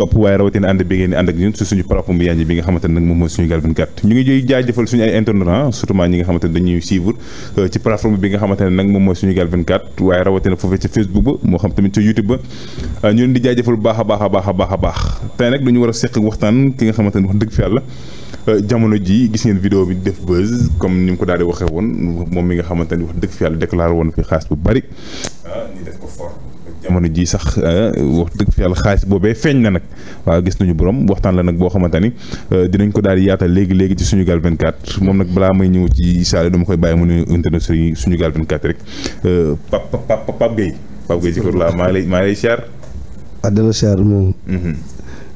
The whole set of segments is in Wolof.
topp waaye rawatina ànd bi ngeen di ànd ak ñun su suñu plateforme yaa bi nga xamante ne nag moom mooy Sunugal 24 ñu ngi ah, ne dañuy suivre euh, ci plateforme bi nga xamante ne nag moom mooy Sunugal 24 waaye rawatina foofee ci Facebook ba moo euh, baax a baax baax a baax a baax tey nag a seq ki nga xamante ne wax dëgg fi yàlla euh, jamono ji gis ngeen vidéo bi def buzz comme ni mu ko daal di waxee woon moom mi nga xamante ne wax dëgg fi yàlla déclaré woon fi xaas bu bari ah, jamono jii sax euh, wax dëgg fi yàlla xaalis boobee feeñ na nag waaw gis nañu borom waxtaan la nag boo xamante ni euh, dinañ ko daal di léegi léegi ci suñu gaal 24 moom nag balaa may ñëw ci saale dama koy bàyyi mu ne internet suñu gaal 24 rek Pape Pape Pape Gueye la maa ngi lay maa ngi lay siyaar. waaw ah, delloo siyaar moom. Mhm.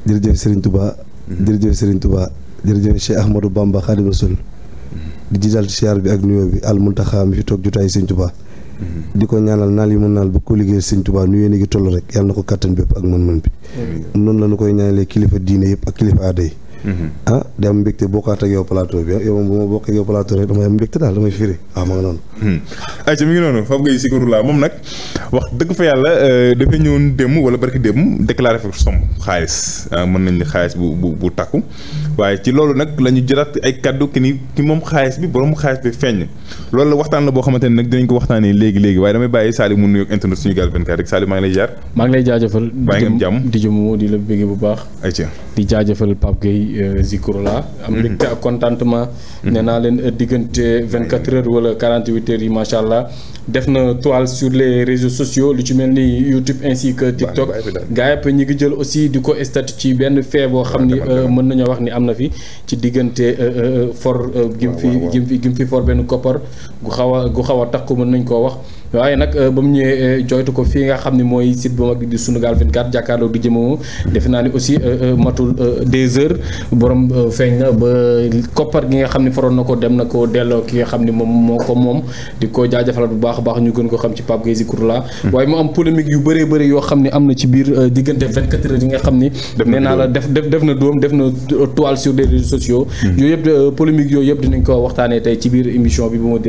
jërëjëf Serigne Touba. Mhm. jërëjëf Serigne Touba jërëjëf Cheikh Ahmadou Bamba Khadim Rasoul mhm. di jiital siyaar bi ak nuyoo bi al muntaxa mi fi toog jotaay Serigne Touba. di ko ñaanal naal yi mu naal ba ko liggéeyal sëñ Tuubaa nu yéen a ngi toll rek yàlla na ko kàttan bépp ak mën-mën bi noonu la ñu koy ñaanalee kilifa diine yëpp ak kilifa aada yi ah di am mbégte bokkaat ak yow plateau bi yow moom bu ma bokk ak yow plateau rek damay am mbégte daal damay firi waaw ah, ma nga noonu hmm. ay ci mi ngi noonu Pape Gueye Sikarou la moom nag wax dëgg fa yàlla euh, dafay ñëwoon dem wala barki démb déclaré fa somme xaalis ah, mën nañ ni xaalis bu bu bu takku waaye ci loolu nag la ñu jëlaat ay kaddu ki ni ki moom xaalis bi borom xaalis bi feeñ loolu la waxtaan la boo xamante ne nag dinañ ko waxtaanee léegi léegi waaye damay bàyyi Salim mu nuyoog internet suñu gaal 24 rek Salim maa ngi lay jaar. maa ngi lay jaajëfal. bàyyi la bëggee bu baax. ayca euh, am mhm. mbégte contentement. Mhm. nee naa leen euh, diggante 24 heures wala 48 heures yi macha allah def na toile sur les réseaux sociaux lu ci mel ni YouTube ainsi que TikTok gaa yëpp ñi ngi jël aussi di ko statut ci benn fee boo xam ni euh, mën nañoo wax ni am na fi ci diggante euh, euh, euh, for gim fi gim fi for benn koppar gu xaw a gu xaw a takku mën nañ koo wax waaye nag euh, ba mu ñëwee euh, joytu ko fii nga xam ni mooy site bu mag di Sunugal 24 jàkkaarloo di jëmoo defe naa ni aussi euh, matul des heures borom feeñ na ba koppar gi nga xam ni faroon na ko dem na ko delloo ki nga xam ne moom moo ko moom di ko jaajëfalaat bu baax baax ñu gën ko xam ci Pape Gueye Zikroullah hmm. waaye mu am polémique yu bëree bëri yoo xam ne am na ci biir diggante 24 heures nga xam ni nee naa la def def na doom def na toile sur les réseaux hmm. yëpp polémique yooyu yëpp dinañ ko waxtaanee tey ci biir émission bi bu ma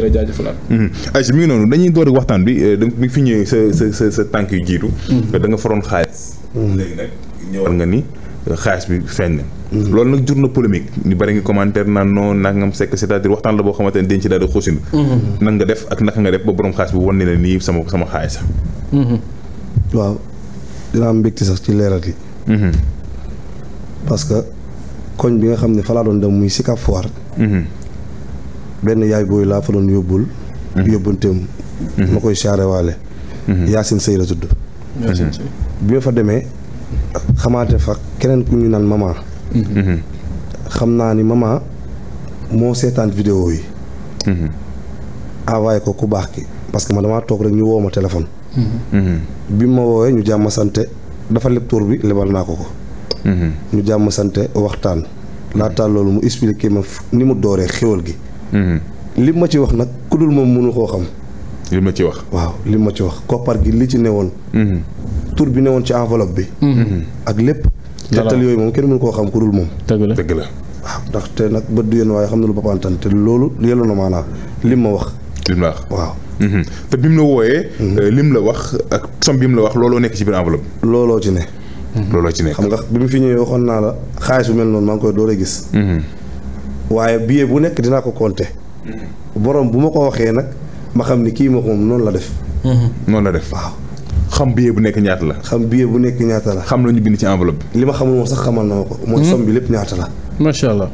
waxtaan bi euh, da nga fi ñëwee sa sa sa sa tànk yu jiitu. Mm-hmm. da nga faroon xaalis. Mm-hmm. léegi nag nga euh, bi feeñ na. Mm-hmm. na polémique ñu bari ngi commentaire naan non nangam sekk c'est-à-dire waxtaan la boo xamante ne dañ ci daal di xuusin. nan nga def ak naka nga def ba borom xaalis bi wan ne la nii sama sama xaalis. waaw dina am mbégte sax ci leeral yi. parce koñ bi nga xam ne fa laa doon dem muy Sicap Foire. benn yaay booy laa fa doon yóbbul. yóbbanteem ma koy siyaare waale Yacine sëy la tudd mhm. bi ma fa demee xamaate fa keneen ku ñu naan mama mhm. xam naa ni mama moo seetaan vidéo yi mhm. envoyé ko ku baax ki parce que ma damaa toog rek ñu woo ma téléphone bi ma woowee ñu jàmm sante dafa leb tur bi lebal naa ko ko ñu jàmm sante waxtaan laata loolu mu expliqué ma ni mu dooree xéwal gi li ma ci wax nag ku dul moom mënu koo xam li ma ci wax. waaw li ma ci wax koppar gi li ci newoon. Mhm. tur bi newoon ci enveloppe bi. Mhm. ak lépp. jottal yooyu moom kenn mënu koo xam ku dul moom. dëgg la dëgg la. waaw ndaxte nag bët du yéen waaye xam na lu bappantan te loolu yelloon na maanaa lim ma wax. lim la wax waaw. Mhm. te bi mu la wooyee. Euh, lim la wax ak som bi mu la wax looloo nekk ci biir enveloppe. looloo ci ne. looloo ci ne xam nga bi mu fi ñëwee waxoon naa la xaalis bu mel noonu maa ngi koy door a gis. waaye billet bu nekk dinaa ko compter. borom bu ma ko waxee nag. ma xam ni kii moo ma moom noonu la def. Mm-hmm. noonu la def waaw. xam billet bu nekk ñaata la. xam billet bu nekk ñaata la. xam la ñu bind ci enveloppe bi. li ma xamul moom sax xamal na ma ko. Mm-hmm. mooy somme bi lépp ñaata la. macha allah.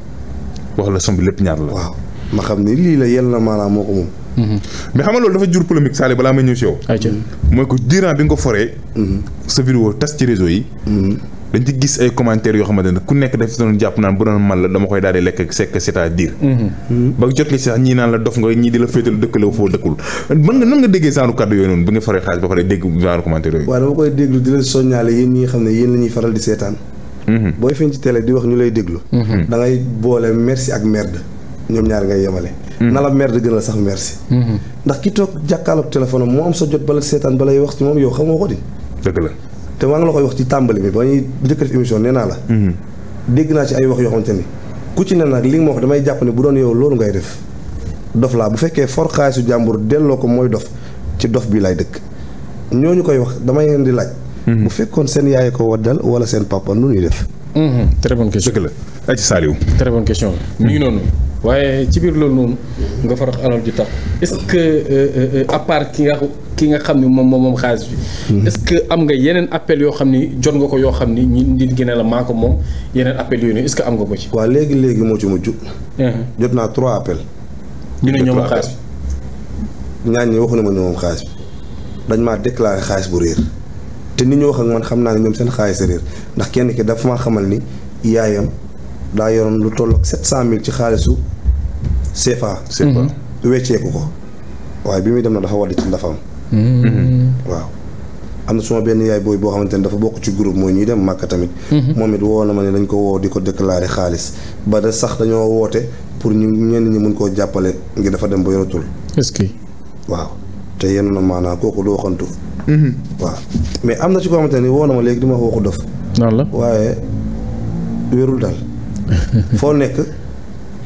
wax la somme lépp ñaata la. waaw ma xam ni lii la yel na maanaam moo ko moom. Mm-hmm. mais xam nga loolu dafa jur polémique Saliou balaa may ñëw si mooy ko durant bi nga ko foree. sa vidéo tas ci réseau yi. dañ ci gis ay commentaires yoo xamante ku nekk daf doon jàpp naan bu doon man la dama koy daal di lekk sekk cest à mhm. ba jot li sax ñii naan la dof nga ñii di la féetal dëkkale foo dëkkul mën nga nan nga déggee genre kàddu yooyu noonu ba nga faral di seetaan mhm. booy feeñ ci di wax ñu lay déglu mhm. da ngay boole merci ak merde ñoom ñaar ngay yemale na la merde gën a sax merci ndax ki toog jàkkaarloog téléphone am moo am sa jot bala seetaan balay te maa ngi la koy wax ci tàmbali bi ba ñuy njëkk def émission nee naa la. Mhm. dégg naa ci ay wax yoo xamante ni ku ci ne nag li nga ma damay jàpp ne bu doon yow loolu ngay def dof laa bu fekkee for xaalisu jàmbur delloo ko mooy dof ci dof bi laay dëkk ñooñu koy wax damay leen di laaj. Mhm. bu fekkoon seen yaay ko waddal wala seen papa nu ñuy def. Mhm. très bonne question la ci Saliou. très bonne noonu waaye ci biir loolu noonu nga farat alal ji tax est-ce euh, euh, euh, ki nga ki nga xam ni moom moom moom xaalis bi. Mm-hmm. est que am nga yeneen appel yoo xam ni jot nga ko yoo xam ni ñi nit gën a la maa ko moom yeneen appel yooyu est-ce que am nga ko ci. waaw léegi léegi moo ci mujj. Uh-huh. jot naa trois appels. ñu ne ñoom xaalis bi. ñaan na ma ne moom xaalis bi dañ maa déclaré xaalis bu réer te ni ñu wax ak man xam naa ne ñoom seen xaalis réer ndax kenn ki dafa maa xamal ni yaayam daa yoroon lu toll ak sept cent mille ci xaalisu CFA. Mm-hmm. CFA wecceeku ko waaye bi muy dem na dafa war di ci ndafam Mm-hmm. waaw am na suma benn yaay booy boo xamante ne dafa bokk ci groupe mooy ñuy dem màkk tamit. Mm-hmm. moom it woo ma ne dañ ko woo di ko déclarer xaalis ba da sax dañoo woote pour ñu ñenn ñi mun koo jàppale ngir dafa dem ba yoratul. est-ce waaw te yenn na maanaam kooku du waxantu. Mm-hmm. waaw mais am na si koo xamante ni woo na ma léegi di ma waxu dof. la waaye wérul daal. foo nekk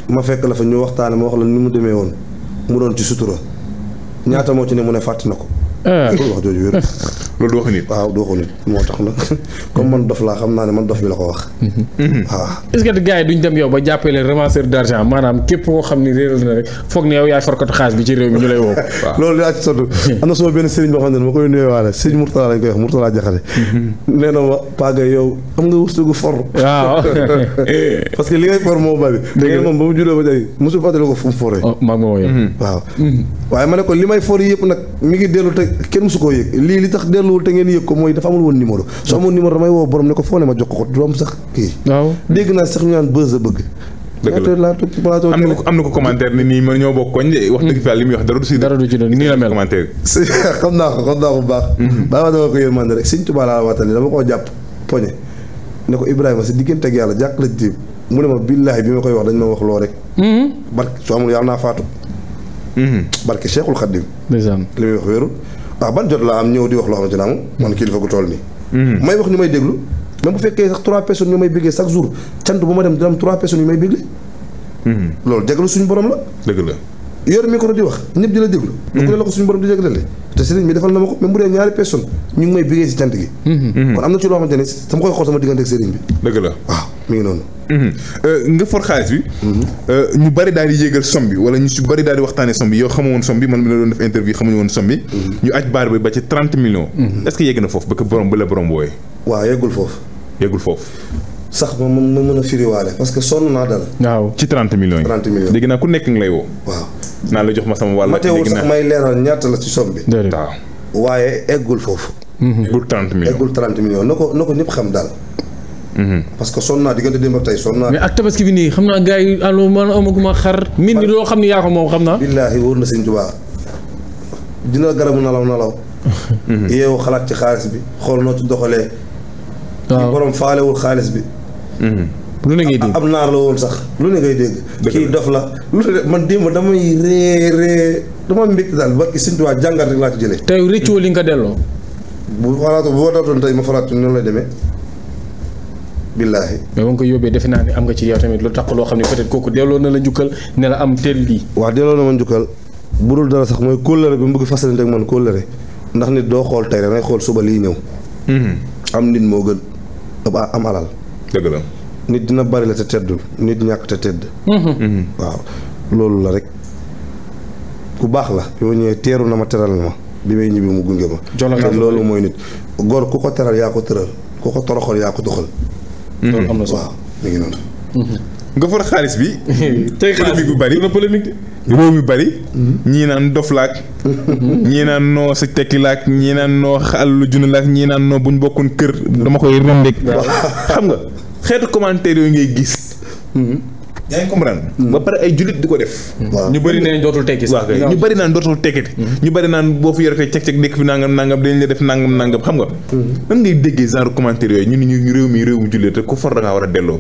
ma fekk la fa ñu waxtaanee ma wax la ni mu demee woon mu doon ci sutura. ñaata moo ci ne mu ne fàtte na ko. Ah. wax jooju wér. loolu du waxu nit. waaw du waxu nit moo tax nag comme man dof laa xam naa ne man dof bi la ko wax. Mhm. Mhm. Mhm. waaw. est-ce que gars yi duñ dem yow ba jàppee leen ramasseur d'argent maanaam am na sama benn sëriñ boo xam ne ma koy nuyuwaale sëriñ Mourtala lañ koy wax Mourtala Jaxate. nee na ma Paga yow am nga wërsëgu for. waaw. parce que li ngay for moo bari. dëgg la moom ba mu ko fu mu foree. Oh, waaw waaye ma ne ko li may for yëpp nag mi ngi dellu te kenn mosu koo yëg lii li tax dellu woon te ngeen yëg ko mooy dafa amul woon numéro su amul numéro damay woo borom ne ko foo ne ma jox ko du am sax kii waaw dégg naa sax ñu naan bës a bëgg dëgg la am na ko am na ko commentaire ni nii man ñoo bokk la mel commentaire xam naa ko xam naa ko bu baax mhm. baax dama ko ne ko Ibrahima sa ak yàlla mu ne ma billaahi bi ma koy wax dañ ma wax loo rek mhm. su amul yàlla naa faatu mhm. barke Cheikhul Khadim li muy wax wéerul ndax ban jot laa am ñëw di wax loo xamante ne amul man kilifa gu toll nii. Hmm. may wax ñu may déglu même bu fekkee sax trois personnes ñu may béggee chaque jour cant bu ma dem dina am trois personnes yu may bégle. Hmm. loolu jégalu suñu borom la. dëgg la. yor micro di wax ñëpp di déglu. Hmm. lu ko la ko suñu borom di jégalee. te sëriñ mi defal na ma ko même bu dee ñaari personne ñu ngi may béggee si cant gi. kon am na ci loo xamante sama koy mi ngi noonu. Mhm. Euh, nga for xaalis bi. Mhm. Euh, ñu bari daal di yéegal som bi ñu si bari daal di waxtaanee som yow xamu woon man mi la doon def interview xamuñu woon mhm. ñu aj baar bi ba ci trente millions. est-ce na foofu ba la borom wooyee. waaw yeggul foofu. yeggul foofu. sax ma ma mën a firiwaale parce que sonn naa dal. waaw ci trente millions yi. trente millions dégg naa ko na ko ñëpp xam daal parce que sonn naa diggante démb ak tey sonn naa. mais ak tabaski bi nii xam naa gars yi allo man xar. min ni loo xam ni yaa ko moom xam naa. billaahi wóor na sëñ Tuubaa dina garabu nalaw nalaw. yeewu xalaat ci xaalis bi xool noo ci doxalee. waaw borom faalewul xaalis bi. Mm-hmm. lu ne ngay dégg ab naar la woon sax lu ne ngay dégg. kii dof la lu ne man démb damay ree ree dama mbégte daal ba sëñ Tuubaa jàngat rek laa ci jëlee. tey rëccoo li nga ko delloo. bu xalaatu bu wootaatoon tey ma falaat noonu demee. billaahi mais ba nga ko yóbbee defe naa ne am nga ci yow tamit lu tax loo xam ne peut-être kooku delloo na la njukkal ne la am teel lii. waaw delloo bu dul mooy kóllëre bi mu bëgg fasalante ak man kóllëre ndax doo xool tey xool suba lii ñëw. Mhm. am nit moo gën am alal. dina bari la te tedd nit ñàkk te tedd. Mhm. Mhm. waaw loolu baax la. bi ma ñëwee na ma teral ma bi may ñibbi mooy nit. gor ku ko teral yaa ko tëral ku ko toroxal yaa ko doxal. Mhm. loolu am mhm. nga for xaalis bi. tey xaalis bu bari polémique bi réew mi bari. Mhm. ñii naan dof laak. ñii naan noo sa tekki laak ñii naan noo xàllu junne laak ñii naan noo buñ bokkoon kër dama koy rëndeeg. xam nga xeetu commentaire yooyu ngay gis. yaa ngi comprendre. Mm. ba pare ay jullit di ko def. ñu bari neen dootul tekki sax. ñu bëri naan dootul tekkiti mm-hmm. ñu bëri naan boo fi yoretee cek cek nekk fi nangam nangam dañ def nangam nangam xam nga. Mm-hmm. nan ngay déggee genre commentaire yooyu ñu ni ñu réew mi réew mi jullit te ku for da war a delloo.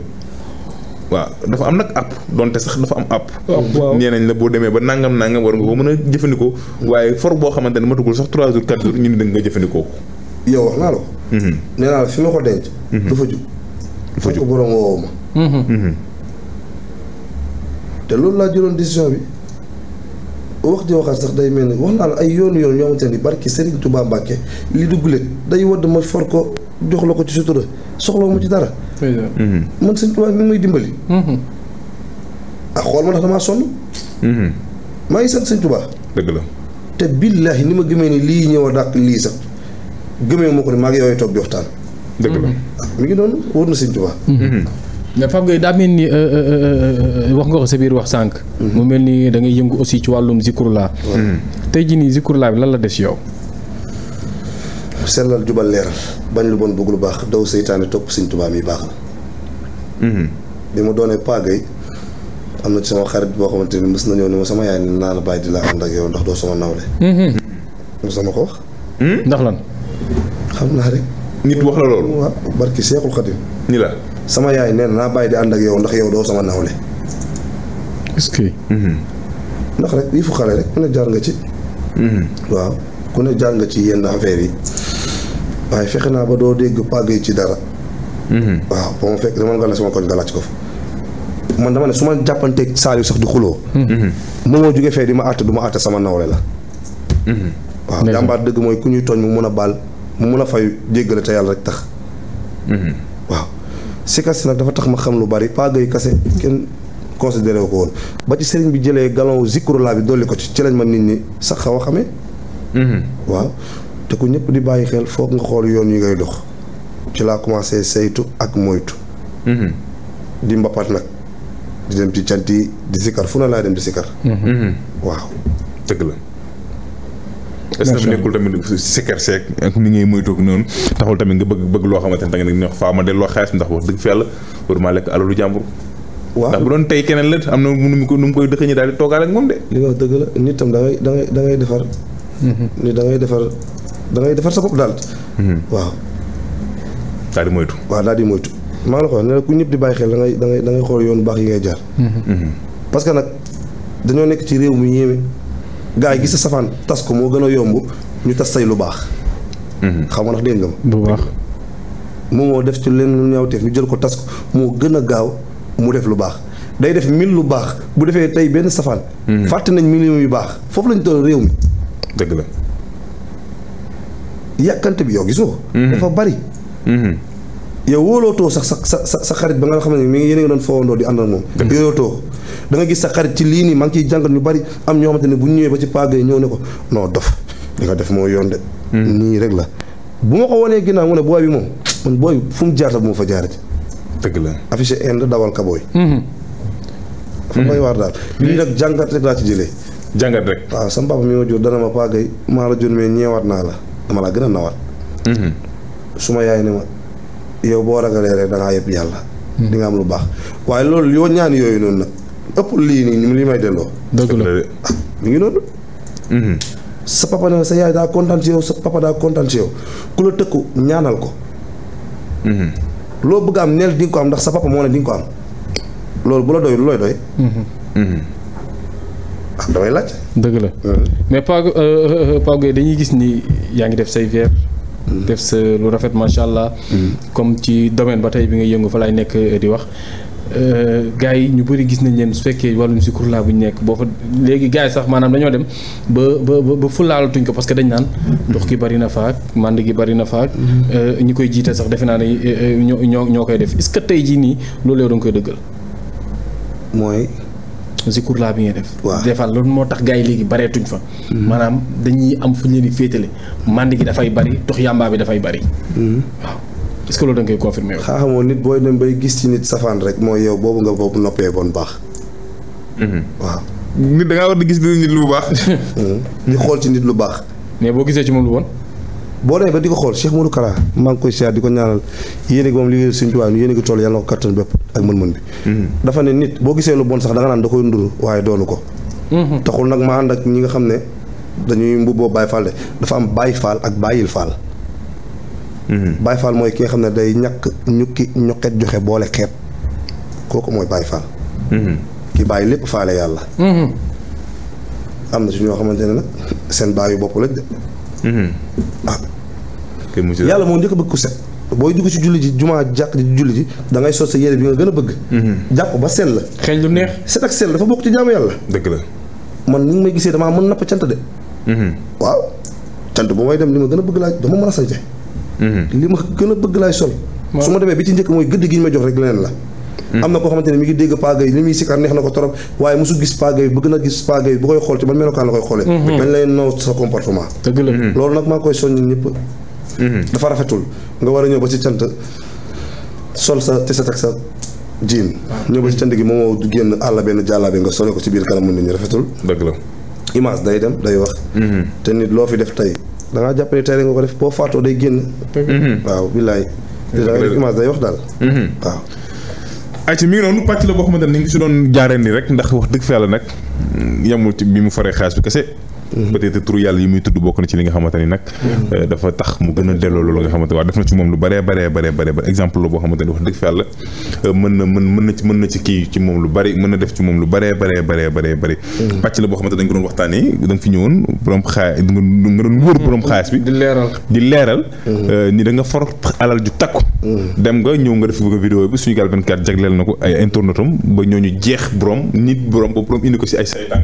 waaw dafa am nag app donte sax dafa am app. Oh, nee nañ la boo demee ba nangam nangam war nga ko mën a jëfandikoo. Mm-hmm. waaye for boo xamante ne matugul sax 3 jours 4 jours ñu ne da nga jëfandikoo. yow wax naa la. nee naa la fi ma ko denc. te loolu laa jëloon décision bi wax di waxaat sax day mel ni wax naa la ay yoon yoon yoo xamante ni barki Serigne Touba Mbacke li dugg leen day wadd ma for ko jox la ko ci sutura soxla ma ci dara. Mhm. man Serigne Touba mi may mhm. mhm. maa ngi sant Serigne Touba. dëgg la te billahi ni ma gëmee ni lii ñëw a dàq lii sax gëmee ngi yooyu toog doon wóor na Serigne Touba. mais Pape Gueye daa mel ni euh, euh, euh, wax nga ko sa biir wax sànq. Mm-hmm. mu mel ni dangay ngay yëngu aussi ci wàllum zikurla. Mm-hmm. tey jii nii zikurla bi lan la def yow. sellal jubal leeral bañ lu bon bëgg lu baax daw seytaane topp Sëñ yi baax baaxal. Mm-hmm. bi ma doonee Pape Gueye am na ci sama xarit boo xamante ni mës na ñëw ni sama naa la bàyyi di la ànd ak yow na ma ko wax. Hmm? ndax lan. xam naa rek. nit wax la loolu. barki Seexul Xadim ni la. sama yaay nee naa bàyyi di ànd ak yow ndax yow doo sama nawle. est mhm. ndax rek yii fu xale rek ku ne jaar nga ci. Mhm. waaw ku ne jaar nga ci yenn affaire yi waaye fexe naa ba doo dégg pàgg yi ci dara. Mhm. waaw ba ma fekk dama nga la sama ne su ma jàppanteeg Saliou sax di xuloo. moom moo jógee fee di ma àtt du ma àtt sama nawle la. waaw jàmbaar dëgg mooy ku ñuy tooñ mu mun a baal mu mun a fay jéggale te yàlla rek tax. sikar si nag dafa tax ma xam lu bari Pa Gueye kase kenn considéré ko woon ba ci sëriñ bi jëlee galon zikrullah bi dolli ko ci ci lañ ma nit ñi sax xaw a xamee mhm. waaw te ku ñëpp di bàyyi xel foog nga xool yoon yi ngay dox ci laa commencé saytu ak moytu mhm. di mbapat nag di dem ci cant yi di sikar fu na laa dem di sikar mhm. waaw dëgg la est-ce que nekkul tamit sikkar seek ak ngay moytoog noonu taxul tamit nga bëgg bëgg loo xamante ne da nga ne wax faa ma delloo xaalis ndax wax dëgg bu na nu mu di toogaale de li nga wax dëgg la nit tam da ngay da ngay da ngay defar mhm. nit da ngay defar da sa bopp daal mhm. waaw daal di moytu waaw daal di moytu maa ngi la xool ne la ku ñëpp di bàyyi xel da ngay da ngay xool yoon bu baax yi ngay jaar mhm. parce que nag dañoo nekk ci réew mu yéeme gaa yi gis safaan tas ko moo gën a yomb ñu tas say lu baax. Mhm. xam nga ndax ma. bu baax. moom moo def ci leen lu ñaawteef ñu jël ko tas ko moo gën a gaaw mu def lu baax day def mille lu baax bu defee tey benn safaan. Mhm. fàtte nañ millions yu baax foofu lañ toll réew mi. la. yàkkante bi yow gisoo. Mhm. dafa bari. yow wóolootoo sax sa sa sa xarit ba nga xam ne mi ngi yéen a ngi doon foowandoo di àndal moom. yooyootoo da gis sa xarit ci lii nii maa ngi ciy jàngat ñu bari am ñoo xamante ne bu ñëwee ba ci pàgg yi ñëw ne ko non dof li nga def moo yoon de. Hmm. nii rek la bu ma ko wanee ginnaaw mu ne booy bi moom man booy bi fu mu jaar bu ma fa jaarati. dëgg la affiché inde dawal ka booy. Hmm. dafa koy waar hmm. lii nag jàngat rek ci jëlee. jàngat rek waaw sama papa mi ma jur dana ma pàggay maa la jur la dama laa gën a nawaat. su ma yaay ne ma yow boo ragalee rek da ngaa yëpp yàlla. di am lu baax waaye loolu yoo ñaan yooyu noonu nag. ëpp lii nii lii may delloo. dëgg la ah, mi ngi noonu. Mhm. sa papa ne sa yaay daa kontaan ci yow sa papa daa kontaan ci yow ku la tëkku ñaanal ko. Mhm. loo bëgg am neel di ko am ndax sa papa moo di ko am loolu bu la doy looy doy. Mhm. ah damay laaj. dëgg la mais Pa Pa Gueye dañuy gis ni yaa ngi def say verre. def sa lu rafet macha allah. comme ci domaine ba tey bi nga yëngu fa laay nekk euh, di wax. Euh, gars yi ñu bëri gis nañ leen su fekkee wàllum si kurlaa bu ñu nekk boo fa léegi gars yi sax maanaam dañoo dem ba ba ba fulaalatuñ ko parce que dañ naan ndox gi bari na faak mànd gi bari na faak euh, ñi koy jiital sax defe naa ne euh, ñoo ñoo ñoo koy def est-ce que tey jii nii loolu yow da koy dëggal mooy zikur laa bi nga def. waaw des loolu moo tax gars yi léegi bareetuñ fa. Mm-hmm. maanaam dañuy am fu ñu leen féetale mànd gi dafay bari tox yàmbaa bi dafay bari. Mm-hmm. waaw est-ce que loolu da nga koy confirmer yow. xaaxamoo nit booy dem bay gis ci nit safaan rek mooy yow boobu nga boobu noppee bon baax. Mhm. waaw. nit da ngaa war di gis nit lu baax. ñu mhm. xool ci nit lu baax. mais boo gisee ci moom lu bon. boo demee di ko xool Cheikh Modou Kara maa ngi koy siyaar di ko ñaanal yéen gi moom liggéey suñu tubaab yéen gi toll yàlla na ko kattan bépp ak mën-mën mhm. ne boo gisee lu bon sax da nga naan da koy nduru waaye doonu ko. taxul nag ma ànd ak ñi nga xam ne dañuy mbubboo Baye Fall de dafa am Baye Fall ak Bayil Fall. Baye Fall mooy ki nga xam ne day ñàkk ñukki ñoqet joxe boole xeet kooku mooy Baye Fall. Mm-hmm. ki bàyyi lépp faale yàlla. Mm-hmm. am na si ñoo xamante ne nag seen baayu bopp la de. Mm-hmm. ah. yàlla moo njëkk bëgg ku set. booy dugg ci julli ji jumaa jàkk ji julli ji da ngay sol bi nga gën a bëgg. jàpp ba sell la. xeeñ lu neex. set ak sell dafa bokk ci jaamu yàlla. dëgg la man ni nga may gisee damaa mën napp cant de. waaw cant bu may dem li ma gën a bëgg laaj dama mën a sañse. Mhm. li ma gën a bëgg laay sol su ma demee bi ci njëkk mooy gëdd gi ñu ma jox rek leneen la mhm. am na koo xamante ne mi ngi dégg paagay li muy sikar neex na ko trop waaye mosu gis paagay bëgg na gis paagay bu koy xool ci ban melokaan la koy xoolee mhm. dañ lay naw sa comportement loolu nag maa koy soññ ñëpp dafa rafetul nga war a ñëw ba ci cant sol sa te sa tak sa jiin ñëw ba ci cant gi moomoo génn àll benn jàllaabe nga sole ko ci biir kanamu nit ñu rafetul dëgg la image day dem day wax te nit loo fi def tey da ngaa jàpp ne nga ko def boo faatoo day génn. Mhm. waaw billaay. dëgg la image day wax daal. Mhm. waaw. ayca mi ngi pàcc la boo xamante ni ngi si doon jaaree nii rek ndax wax dëgg fa yàlla nag mm, yemul bi mu faree xaalis bi kese. Mm-hmm. peut-être turu yàlla yi muy tudd bokk na ci li nga xamante ni nag mm-hmm. euh, dafa tax mu gën a delloo loolu nga xamante waaw def na ci moom lu baree baree baree baree bare exemple la boo xamante ni wax dëgg fa yàlla euh, mën na mën mën na ci mën na ci kii ci moom lu bari mën na def ci moom lu baree baree baree baree bëri mm-hmm. pàcc la boo xamante dañ ko doon waxtaanee da nga fi ñëwoon borom xaalis nga doon wóor borom xaalis bi di leeral di leeral euh, ni da nga for alal ju takku dem nga ñëw nga def vidéo bi Sunugal 24 jagleel na ko ay internetam ba ñooñu jeex borom nit borom ko borom indi ko si ay saytaan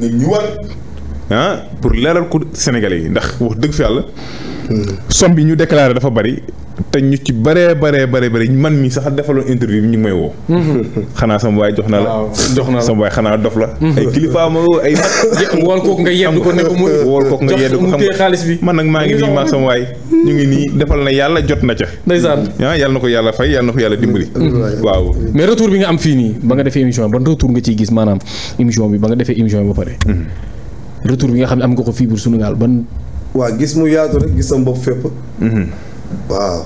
nga ñëwaat ah pour leeral ko Sénégalais yi ndax wax dëgg fi yàlla. somme bi ñu déclaré dafa bari te ñu ci baree baree baree bari man mii sax defaloon interview bi ñu ngi may xanaa sama waay jox na la. jox na la sama xanaa dof la. ay ma ay. wool kook nga yedd ko ne ko mooy. wool kook nga yedd ko xaalis bi. man nag maa ngi nii maa sama waay. ñu ngi nii defal na yàlla jot na ca. ndeysaan ah yàlla na ko yàlla fay yàlla na ko yàlla dimbali. mais retour bi nga am fii nii ba nga defee émission ban retour nga ciy gis maanaam émission bi ba nga defee émission bi ba pare. Hmm. retour bi nga xam ne am nga ko fii biir Sunugal ban. waaw gis mu yaatu rek gis sama bopp fépp. Mhm. waaw.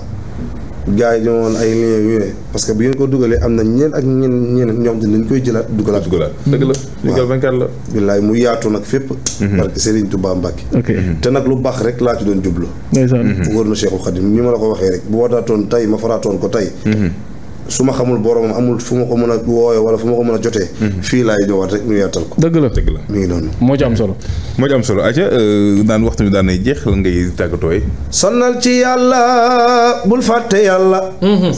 gars yi ñoo woon ay liens yu ne parce que bu ngeen ko dugalee am na ñeen ak ñeen ñeneen ñoo xam te dañ koy jëlaat dugalaat. dugalaat dëgg la. Sunugal 24 la. billaay mu yaatu nag fépp. Mhm. barke Serigne Touba Mbacke. Mhm. te nag lu baax rek laaj ci doon jublu. ndeysaan wóor na Cheikhul Khadim ni ma la ko waxee rek bu wootaatoon tey ma faraatoon ko tey. su ma xamul boromam amul fu ma ko mën a wooyee wala fu ma ko mën a jotee. Mhm. fii laay ñëwaat rek ñu yaatal ko. dëgg la dëgg la mi ngi noonu. moo ci am solo. moo am solo ayca euh, daan waxtu bi daan nay jeex lan ngay tàggatooy. sonnal ci yàlla fàtte yàlla. Mhm.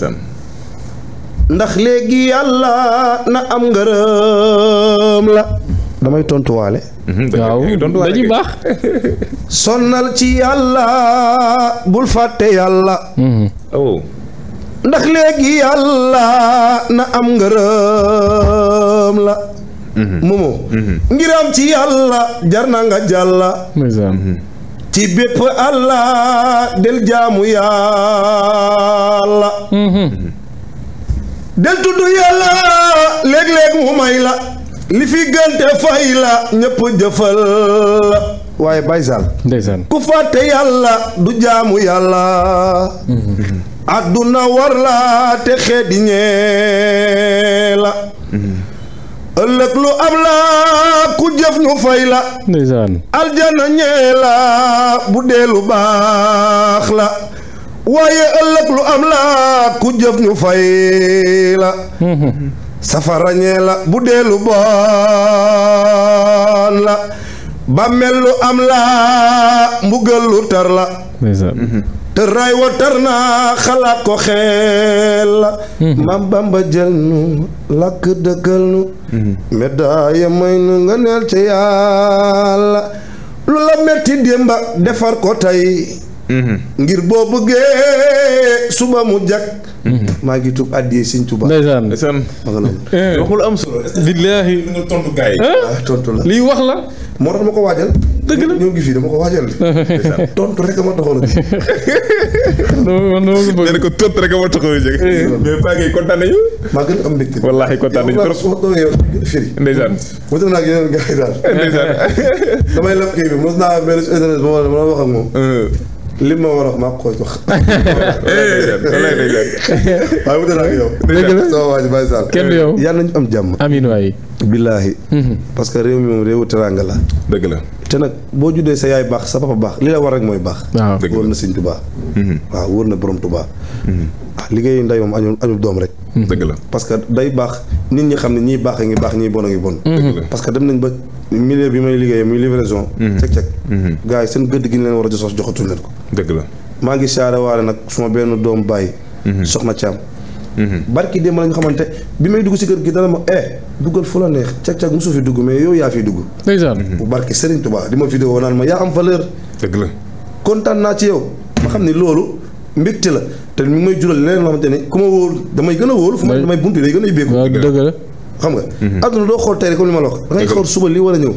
ndax léegi yàlla na am ngërëm la. damay tontuwaale. Mhm, waaw dañuy sonnal ci yàlla bul fàtte yàlla. Oh. ndax léegi yàlla na am ngërëm la moomoo mhm. mhm. ngir ci yàlla jar na nga jàlla mhm. ci bépp allah del jaamu yàlla del tudd yàlla léeg mu may la li fi fay la ñëpp jëfal la waaye Baye ku fàtte yàlla du jaamu yàlla. adduna war la te xeediñee la. ëllëg lu am la ku jëf ñu fay la. aljana ñee la bu dee lu baax la. waaye ëllëg lu am la ku jëf ñu fay la. Mm-hmm. safara ñee la bu dee lu bon la. bàmmeel lu am la mbugal lu tar la mhm. te wa tar na xalaat ko xeel la mhm. maam bamba jël nu lakk dëkkal nu mhm. médaille may nu nga neel ca yàlla lu la metti démba defar ko tey Mm-hmm. ngir boo bëggee suba mu jag. Mm-hmm. maa ngi tuub àddiyee Sëñ Tuubaa. ndeysaan ndeysaan. Eh. waxul am solo. billaahi nga tontu gars yi. Eh? Ah, tontu la lii wax la. moo tax ma ko waajal. dëgg la ñoo ngi fii dama ko waajal. tontu rek a jóg. non non non ko tontu rek ma taxoon a jóg. mais paa ngi kontaan nañu. maa gën a am mbégte. wallaahi naa ak yeneen gars yi daal. ndeysaan. damay lëkkale bi mos li ma war a wax maa ko koy jox. waaye wute naa ak yow. dëgg la sama waa ji Baye Sall. kenn yow yàlla nañu am jàmm. amiin waay. billaahi. Mhm. parce que réew mi moom réewu teranga la. dëgg la. te nag boo juddee sa yaay baax sa papa baax li la war rek mooy baax. waaw wóor na sëñ Tuubaa. Mhm. waaw wóor na borom Tuubaa. Mhm. ah liggéey nday moom añu añu doom rek. Mhm. dëgg la parce que day baax nit ñi xam ne ñii baax a ngi baax ñii bon a ngi bon. parce que dem nañ ba milieu bi may liggéeyee muy livraison. cek cek. yi seen gën gi ñu leen war a jox joxatul leen ko. dëgg la maa ngi saare waale nag suma benn doom bàyyi. soxna Thiam. Mhm. barki démb la ñu xamante bi may dugg si kër gi dana ma eh duggal fu la neex cag-cag mosu fi dugg mais yow yaa fi dugg ndeysaan mhm. bu barki Serigne tubaa di ma vidéo naan ma yaa am valeur dëgg la kontaan naa ci yow ma xam ne loolu mbégte la te nu may jural leneen loo xamante ne ku ma wóor damay gën a wóolu fu ma damay buntu day gën a ubbeeku dëgg la xam nga mhm. adduna doo xool tey comme li ma la wax da ngay xool suba li war a ñëw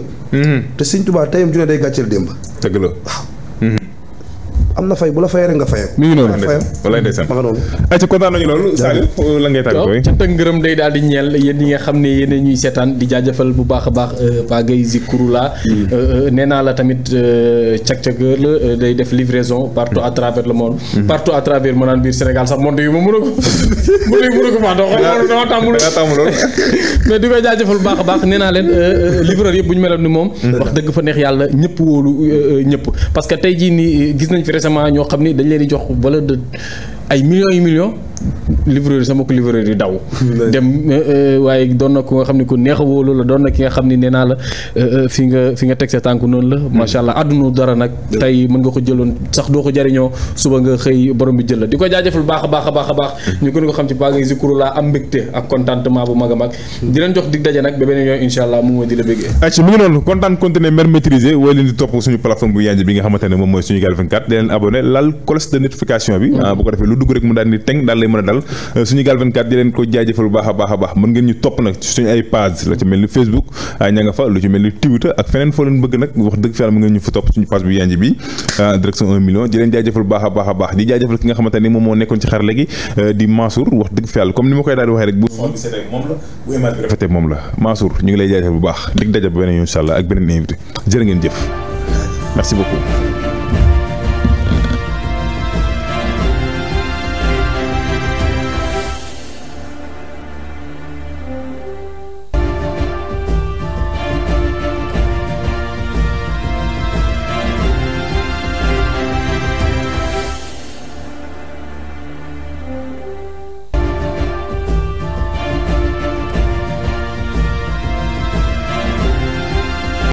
te tubaa Touba tayam junne day gàcceel démb dëgg la am na fay bu la fayee rek nga fayee. mi ngi noonu ndeysaan walaay ndeysaan ma nga noonu. ayca loolu la ngay tàggoo. cant ak ngërëm day daal di ñeel yéen ñi nga xam ne a euh, la hmm. euh, euh, nee naa la tamit hmm. ma naan biir Sénégal sax ma mën a ko monde yu mën a ko maa dox dama tàmbul mais di koy jaajëfal bu a baax nee naa leen livreur yëpp bu ñu meloon ni moom hmm. wax dëgg fa neex yàlla ñëpp wóolu ñëpp parce que tey jii ni gis nañ fi forcément ñoo xam ni dañ leen di jox valeur de ay million yu millions livreur yi sama ko livreur daw. dem euh, euh, waaye doon na ko nga xam ne ku neex a wóolu la doon na ki nga xam ne nee naa la euh, fi nga fi nga teg sa tànk noonu la. Hmm. macha allah àdduna dara nag. tey mën nga ko jëloon sax doo ko jariñoo suba nga jël la di ko jaajëfal baax a baax a baax a baax. Hmm. ñu gën ko xam ci baa ngay zikru laa am mbégte ak contentement bu mag a mag. Hmm. di leen jox dig daje nag ba beneen yoon incha allah mu ngi di la bëggee. ayca mi ngi noonu kontaan continuer mer maîtriser moom mooy suñu Gal de notification dugg rek mu daal ni teng daal lay mën a dal euh, Sunugal 24 di leen ko bu baax a baax a baax mën ngeen ñu topp nag suñu ay page la ci mel ni Facebook ah, ña nga fa lu ci mel ni Twitter ak feneen foo leen bëgg nag wax dëgg fa mën ngeen ñu fa topp suñu page bu yanj bi ah, direction 1 million di leen baax a baax a baax di jaajëfal ki nga xamante ni moom moo nekkoon ci xarale gi euh, di Mansour wax dëgg fa comme ni ma koy daal waxee rek bu moom la m image bi ñu ngi lay jaajëfal bu baax dig daje ba beneen incha allah ak beneen invité jërë ngeen